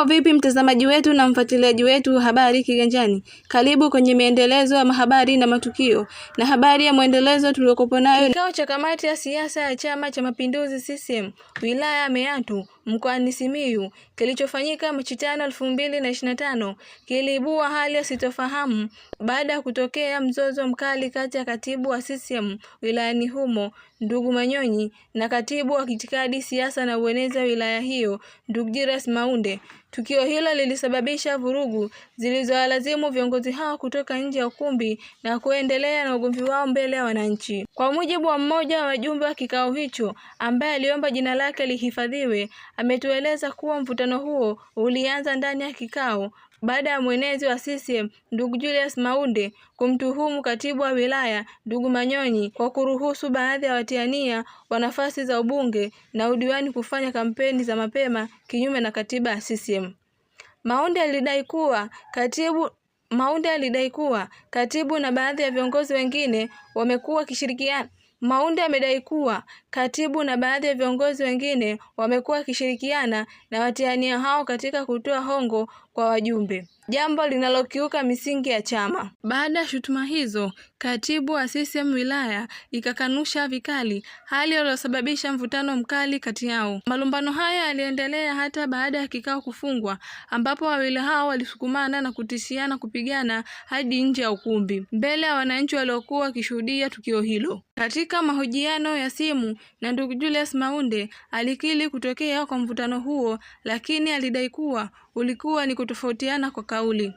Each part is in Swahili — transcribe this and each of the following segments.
Mambo vipi mtazamaji wetu na mfuatiliaji wetu habari kiganjani, karibu kwenye maendelezo ya mahabari na matukio na habari ya mwendelezo tuliokopo nayo. Kikao cha kamati ya siasa ya Chama cha Mapinduzi CCM wilaya ya Meatu mkoani Simiyu kilichofanyika Machi tano elfu mbili na ishirini na tano kiliibua hali ya sitofahamu baada ya kutokea mzozo mkali kati ya katibu wa CCM wilayani humo ndugu Manyonyi na katibu wa kiitikadi, siasa na uenezi wa wilaya hiyo ndugu Jiras Maunde. Tukio hilo lilisababisha vurugu zilizowalazimu viongozi hao kutoka nje ya ukumbi na kuendelea na ugomvi wao mbele ya wananchi. Kwa mujibu wa mmoja wa wajumbe wa kikao hicho ambaye aliomba jina lake lihifadhiwe ametueleza kuwa mvutano huo ulianza ndani ya kikao baada ya mwenezi wa CCM ndugu Julius Maunde kumtuhumu katibu wa wilaya ndugu Manyonyi kwa kuruhusu baadhi ya watiania wa nafasi za ubunge na udiwani kufanya kampeni za mapema kinyume na katiba ya CCM. Maunde alidai kuwa katibu Maunde alidai kuwa katibu na baadhi ya viongozi wengine wamekuwa wakishirikiana Maunde amedai kuwa katibu na baadhi ya viongozi wengine wamekuwa wakishirikiana na watiania hao katika kutoa hongo kwa wajumbe, jambo linalokiuka misingi ya chama. Baada ya shutuma hizo, katibu wa CCM wilaya ikakanusha vikali, hali iliyosababisha mvutano mkali kati yao. Malumbano haya yaliendelea hata baada ya kikao kufungwa, ambapo wawili hao walisukumana na kutishiana kupigana hadi nje ya ukumbi mbele ya wananchi waliokuwa wakishuhudia tukio hilo. Katika mahojiano ya simu, na ndugu Julius Maunde alikiri kutokea kwa mvutano huo, lakini alidai kuwa ulikuwa ni kutofautiana kwa kauli.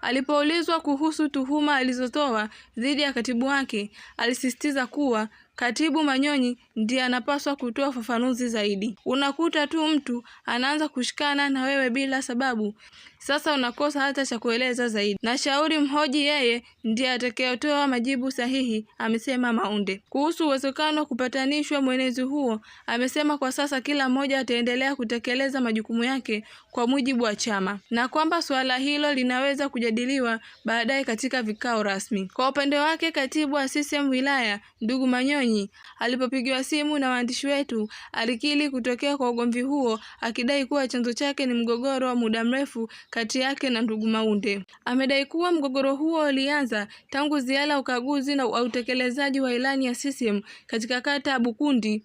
Alipoulizwa kuhusu tuhuma alizotoa dhidi ya katibu wake, alisisitiza kuwa Katibu Manyonyi ndiye anapaswa kutoa ufafanuzi zaidi. Unakuta tu mtu anaanza kushikana na wewe bila sababu, sasa unakosa hata cha kueleza zaidi. Na shauri mhoji, yeye ndiye atakayetoa majibu sahihi, amesema Maunde. Kuhusu uwezekano wa kupatanishwa mwenezi huo, amesema kwa sasa kila mmoja ataendelea kutekeleza majukumu yake kwa mujibu wa chama na kwamba suala hilo linaweza kujadiliwa baadaye katika vikao rasmi. Kwa upande wake, katibu wa CCM wilaya ndugu Manyonyi alipopigiwa simu na waandishi wetu alikiri kutokea kwa ugomvi huo akidai kuwa chanzo chake ni mgogoro wa muda mrefu kati yake na ndugu Maunde. Amedai kuwa mgogoro huo ulianza tangu ziara, ukaguzi na utekelezaji wa ilani ya CCM katika kata ya Bukundi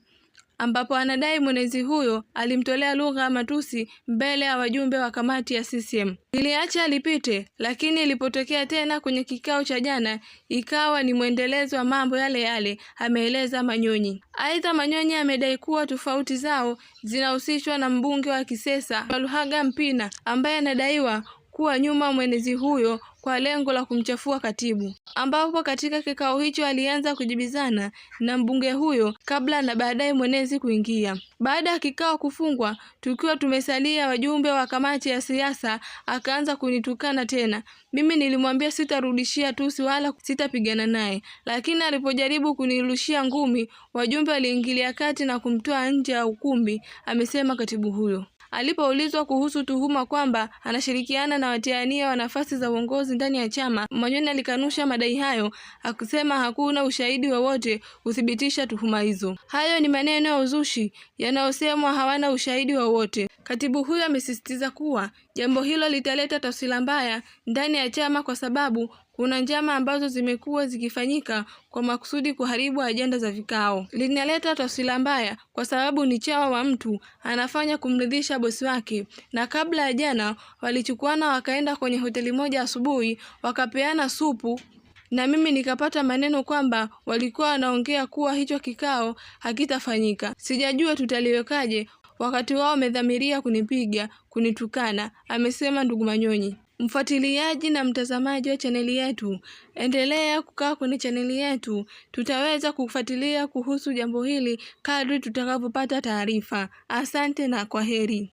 ambapo anadai mwenezi huyo alimtolea lugha ya matusi mbele ya wajumbe wa kamati ya CCM. iliacha alipite, lakini ilipotokea tena kwenye kikao cha jana ikawa ni mwendelezo wa mambo yale yale, ameeleza Manyonyi. Aidha, Manyonyi amedai kuwa tofauti zao zinahusishwa na mbunge wa Kisesa Luhaga Mpina ambaye anadaiwa kuwa nyuma mwenezi huyo kwa lengo la kumchafua katibu, ambapo katika kikao hicho alianza kujibizana na mbunge huyo kabla na baadaye mwenezi kuingia. Baada ya kikao kufungwa, tukiwa tumesalia wajumbe wa kamati ya siasa, akaanza kunitukana tena. Mimi nilimwambia sitarudishia tusi wala sitapigana naye, lakini alipojaribu kunirushia ngumi, wajumbe waliingilia kati na kumtoa nje ya ukumbi, amesema katibu huyo. Alipoulizwa kuhusu tuhuma kwamba anashirikiana na watiania wa nafasi za uongozi ndani ya chama, Manyoni alikanusha madai hayo, akisema hakuna ushahidi wowote kuthibitisha tuhuma hizo. Hayo ni maneno ya uzushi yanayosemwa, hawana ushahidi wowote. Katibu huyo amesisitiza kuwa jambo hilo litaleta taswira mbaya ndani ya chama kwa sababu kuna njama ambazo zimekuwa zikifanyika kwa makusudi kuharibu ajenda za vikao. Linaleta taswira mbaya kwa sababu ni chawa wa mtu anafanya kumridhisha bosi wake, na kabla ya jana walichukuana wakaenda kwenye hoteli moja asubuhi wakapeana supu na mimi nikapata maneno kwamba walikuwa wanaongea kuwa hicho kikao hakitafanyika. Sijajua tutaliwekaje wakati wao wamedhamiria kunipiga, kunitukana, amesema ndugu Manyonyi. Mfuatiliaji na mtazamaji wa chaneli yetu, endelea kukaa kwenye chaneli yetu. Tutaweza kufuatilia kuhusu jambo hili kadri tutakavyopata taarifa. Asante na kwa heri.